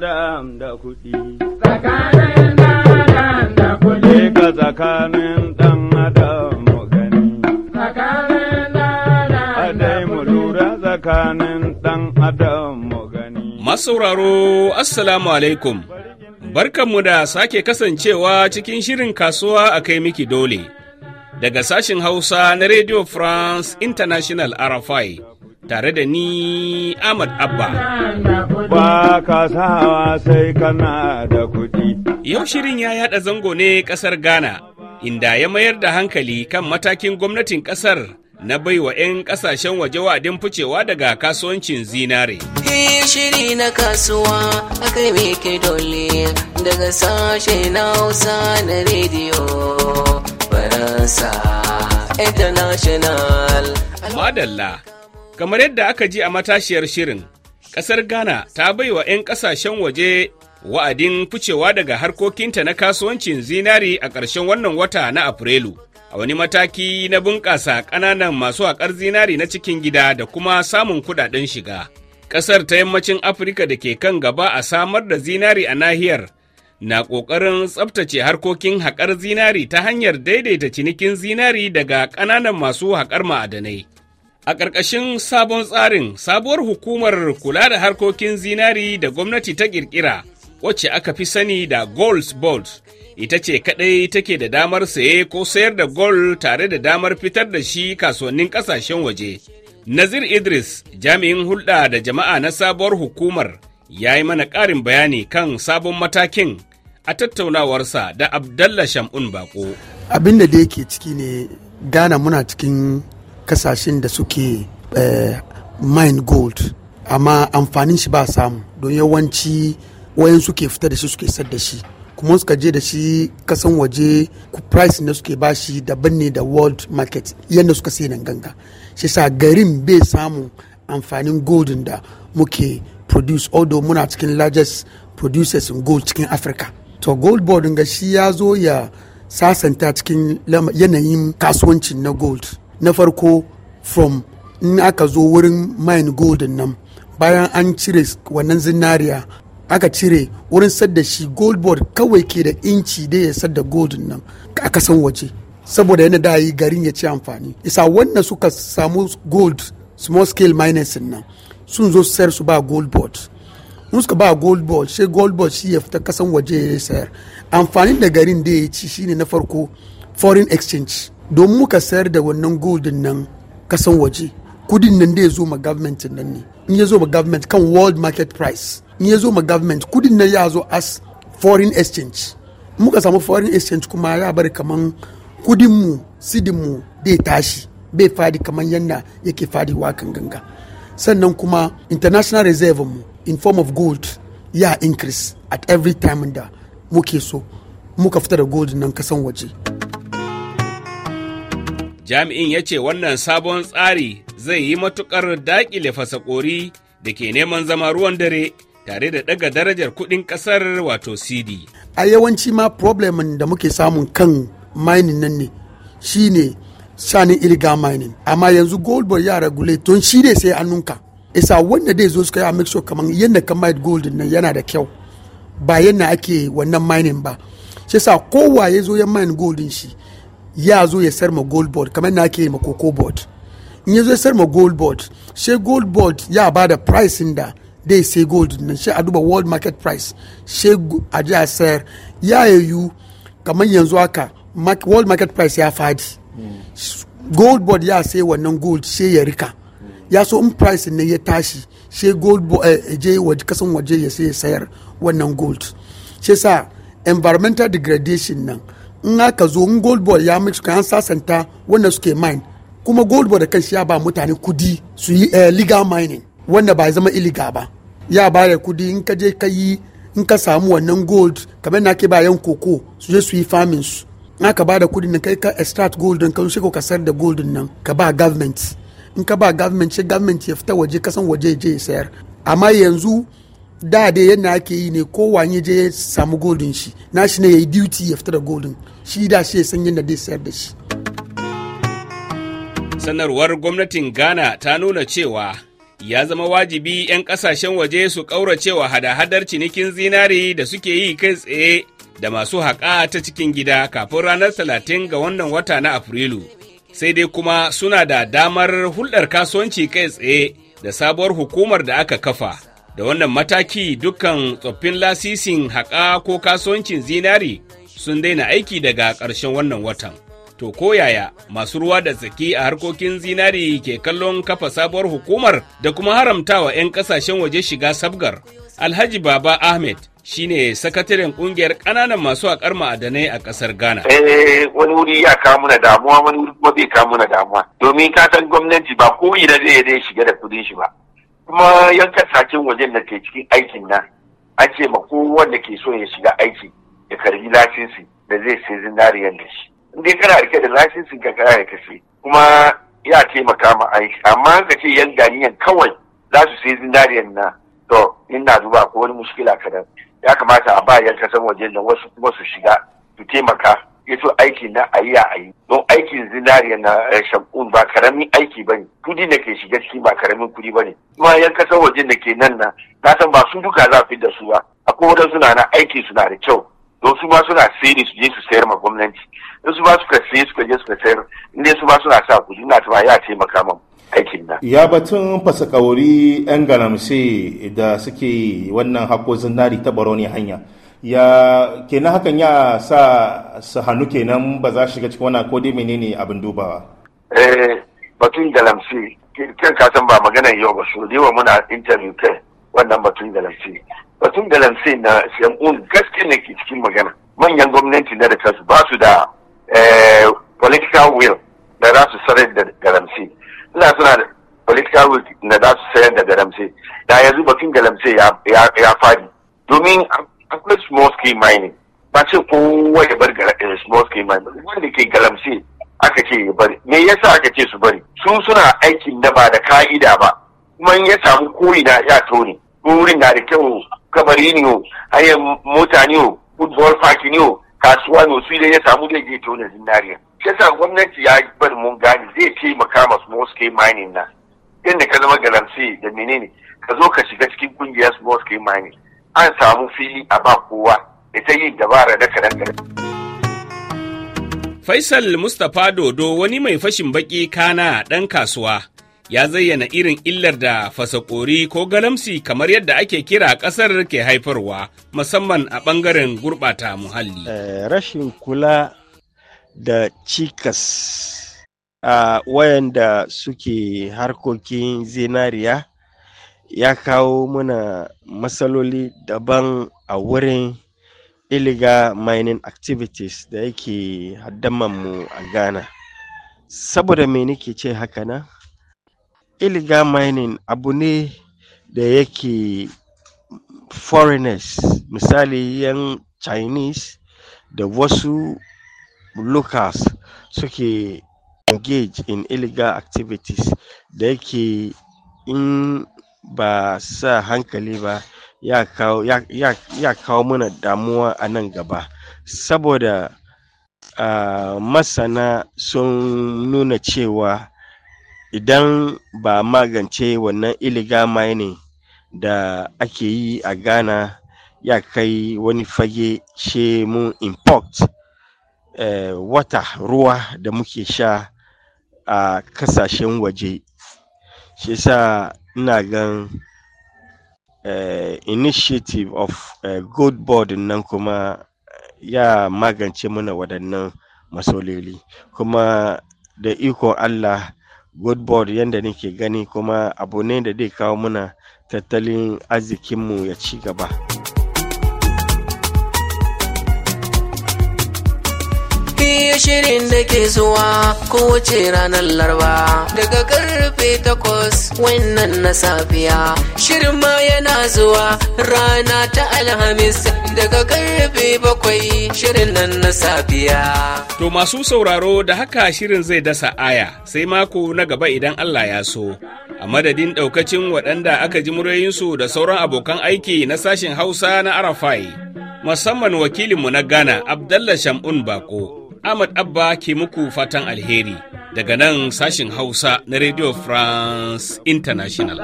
Dam da kuɗi. Tsakanin gani. Tsakanin dan mu Masauraro, Assalamu alaikum. Barkanmu da sake kasancewa cikin shirin kasuwa a kai miki dole. Daga sashin Hausa na Radio France International RFI. tare da ni Ahmad Abba. Ba ka sawa sai kana da kuɗi. Yau shirin ya yaɗa zango ne ƙasar Ghana, inda ya mayar da hankali kan matakin gwamnatin ƙasar na baiwa 'yan ƙasashen waje wadin ficewa daga kasuwancin zinare. shiri na kasuwa akai me dole daga sashe na hausa na rediyo faransa international madalla Kamar yadda aka ji a matashiyar shirin, ƙasar Ghana ta bai wa 'yan ƙasashen waje wa'adin ficewa daga harkokinta na kasuwancin zinari a ƙarshen wannan wata na Afrilu. A wani mataki na bunƙasa ƙananan masu haƙar zinari na cikin gida da kuma samun kuɗaɗen shiga. Ƙasar ta yammacin Afrika da ke kan gaba a samar da zinari a nahiyar na ƙoƙarin tsabtace harkokin haƙar zinari ta hanyar daidaita cinikin zinari daga ƙananan masu haƙar ma'adanai. A ƙarƙashin sabon tsarin, sabuwar hukumar kula da harkokin zinari da gwamnati ta ƙirƙira, wacce aka fi sani da Golds Board, ita ce kaɗai take da damar saye ko sayar da gold tare da damar fitar da shi kasuwannin ƙasashen waje. Nazir Idris, jami'in hulɗa da jama'a na sabuwar hukumar, ya yi mana ƙarin bayani kan sabon matakin a tattaunawarsa da Abdallah Shamun baƙo. Abin da yake ciki ne Ghana muna cikin kasashen da suke eh, mine gold amma amfanin shi ba samu don yawanci wayan suke fita da shi suke sad da shi kuma suka je da shi kasan waje ku price na suke ba shi daban ne da world market yadda suka sai nan ganga shi sa garin bai samu amfanin goldin da muke produce although muna cikin largest producers in gold cikin africa to gold board ga shi ya zo ya sasanta cikin yanayin kasuwancin na gold na farko from in aka zo wurin mine golden nan bayan an cire wannan zinariya aka cire wurin sadda shi gold board kawai ke da inci da ya sadda goldin nan a kasan waje saboda yana da yi garin ya ci amfani isa wannan suka samu gold small scale miners nan sun zo sayar su ba gold board in suka ba gold board sai gold board shi ya fita kasan waje ya sayar amfanin da garin da ya ci shine na farko foreign exchange don muka sayar da wannan goldin nan kasan waje kudin nan da ya zo ma government nan ne in ya zo ma government kan world market price in ya zo ma government kudin nan ya zo as foreign exchange muka samu foreign exchange kuma ya bari kaman kudinmu sidinmu dai tashi bai fadi kamar yanda yake fadi wakan ganga sannan kuma international reserve mu in form of gold ya increase at every time da muke so muka fita da gold nan kasan waje. Jami'in ya ce wannan sabon tsari zai yi matukar daƙile fasakori da ke neman zama ruwan dare tare da ɗaga darajar kuɗin ƙasar wato CD. A yawanci ma problemin da muke samun kan mining nan ne shi ne shanin illegal mining. Amma yanzu gold ya ragule tun shi ne sai annunka. Isa wanda dai zo suka yi a kamar yadda ka mine gold nan yana da kyau ba yadda ake wannan mining ba. Shi sa kowa ya zo ya mine gold shi ya zo ya sarma ma gold board kamar na ke ma koko board in ya zo ya sarma ma gold board she gold board ya ba da price da dai sai gold nan she a duba world market price she a ji a sayar ya yayu kamar yanzu haka world market price ya fadi gold board ya sai wannan gold she ya rika ya so in price ne ya tashi she gold eh, je kasan waje ya sai sayar wannan gold she sa environmental degradation nan in aka zo in gold ball ya mix kan sasanta wanda suke mine kuma gold ball da shi ya ba mutane kudi su yi eh, legal mining wanda ba zama illegal ba ya ba da kudi in ka je ka yi in ka samu wannan gold kamar na ke bayan koko su je su yi farming su in aka ba da kudi kai ka extract gold din ka sai ka kasar da gold nan ka ba government in ka ba government sai government ya fita waje kasan waje je ya sayar amma yanzu da dai yadda ake yi ne kowane je samu golden shi na shi ne ya yi duty ya fita da golden shi da shi ya san yadda zai sayar da shi sanarwar gwamnatin ghana ta nuna cewa ya zama wajibi 'yan kasashen waje su cewa hada-hadar cinikin zinari da suke yi kai tsaye da masu haƙa ta cikin gida kafin ranar talatin ga wannan wata na afrilu sai dai kuma suna da damar hulɗar kasuwanci kai tsaye da sabuwar hukumar da aka kafa Da wannan mataki dukkan tsoffin lasisin haƙa ko kasuwancin zinari sun daina aiki daga ƙarshen wannan watan. To ko yaya masu ruwa da tsaki a harkokin zinari ke kallon kafa sabuwar hukumar da kuma haramtawa 'yan ƙasashen waje shiga sabgar. Alhaji Baba Ahmed ne sakataren ƙungiyar ƙananan masu haƙar ma'adanai a ƙasar Ghana. Eh wani wuri ya kamu na damuwa wani wuri kuma bai kamu na damuwa. Domin ka gwamnati ba ko ina zai shiga da kudin shi ba. kuma yanka sakin wajen da ke cikin aikin nan an ce ma kowanne ke so ya shiga aiki ya karbi lasinsi da zai sai zinariyan da shi in dai kana rike da lasinsin ka kana ya kashe kuma ya taimaka ma aiki amma ka ce yan ganiyan kawai za su sai zinariyan na to ina duba ko wani mushkila kadan ya kamata a ba yan kasan wajen da wasu kuma su shiga su taimaka ya aiki na a yi a yi don aikin zinariya na eh, shakun ba karamin aiki ba ne kudi ne ke shiga cikin ba karamin kudi ba ne kuma yan kasar waje da ke nan na na san ba su duka za fi da su ba akwai wajen suna na aiki suna da kyau don su ma suna sai su je su sayar ma gwamnati don su ba suka sai ka je ka sayar in su ba suna sa kuɗi na ta ya taimaka min aikin na. ya batun fasakawari yan galamse da suke wannan hakko zinari ta baroni hanya ya kenan hakan ya sa su hannu kenan ba za shiga cikin wannan ko dai menene abin dubawa eh batun galamsi kan kasan ba magana yau ba su wa muna interview kai wannan batun galamsi batun galamsi na shamun gaske ne ke cikin magana manyan gwamnati na da kasu ba su da eh, political will da za su sarar da galamsi suna suna da political will na za su sayar da galamsi da yanzu batun galamsi ya fadi domin akwai small scale mining ba ce kowa ya bar eh, small scale mining wanda ke galamse aka ce ya bari me yasa aka ce su bari su suna aikin da ba da ka'ida ba kuma ya samu koyi na ya tone wurin na da kyau kabari ne o hanyar mota ne o football park ne o kasuwa ne su idan ya samu zai je tone zinariya shi yasa gwamnati ya bar mun gane zai taimaka ma small scale mining na yadda ka zama galamse da menene ka zo ka shiga cikin kungiyar small scale mining an samu fili a ba kowa da ta yi dabara da kare Faisal Mustapha Dodo wani mai fashin baki kana ɗan kasuwa ya zayyana irin illar da fasakori ko galamsi kamar yadda ake kira ƙasar ke haifarwa musamman a ɓangaren gurɓata muhalli. Eh, rashin kula da cikas a wayanda suke harkokin zinariya ya kawo mana matsaloli daban a wurin illegal mining activities da yake mu a ghana saboda me nake ce haka na illegal mining abu ne da yake foreigners misali yan chinese da wasu locals suke engage in illegal activities da yake in ba sa hankali ba ya kawo ya, kawo mana damuwa a nan gaba saboda uh, masana sun nuna cewa idan ba magance wannan iliga mining da ake yi a ghana ya kai wani fage ce mun import eh, wata ruwa da muke sha a ƙasashen waje shi sa ina gan eh, initiative of eh, good board nan kuma eh, ya magance mana waɗannan masololi kuma da ikon allah good board yadda nake gani kuma abu ne da zai kawo mana tattalin arzikinmu ya ci gaba. TV shirin da ke zuwa kowace ranar Laraba daga karfe takwas wannan na safiya. Shirin ma yana zuwa rana ta Alhamis daga karfe bakwai shirin nan na safiya. To masu sauraro da haka shirin zai dasa aya sai mako na gaba idan Allah ya so. A madadin ɗaukacin waɗanda aka ji murayinsu da sauran abokan aiki na sashen Hausa na Arafai. musamman wakilinmu na Ghana Abdallah Shamun Bako Ahmad Abba ke muku fatan alheri daga nan sashin Hausa na Radio France International.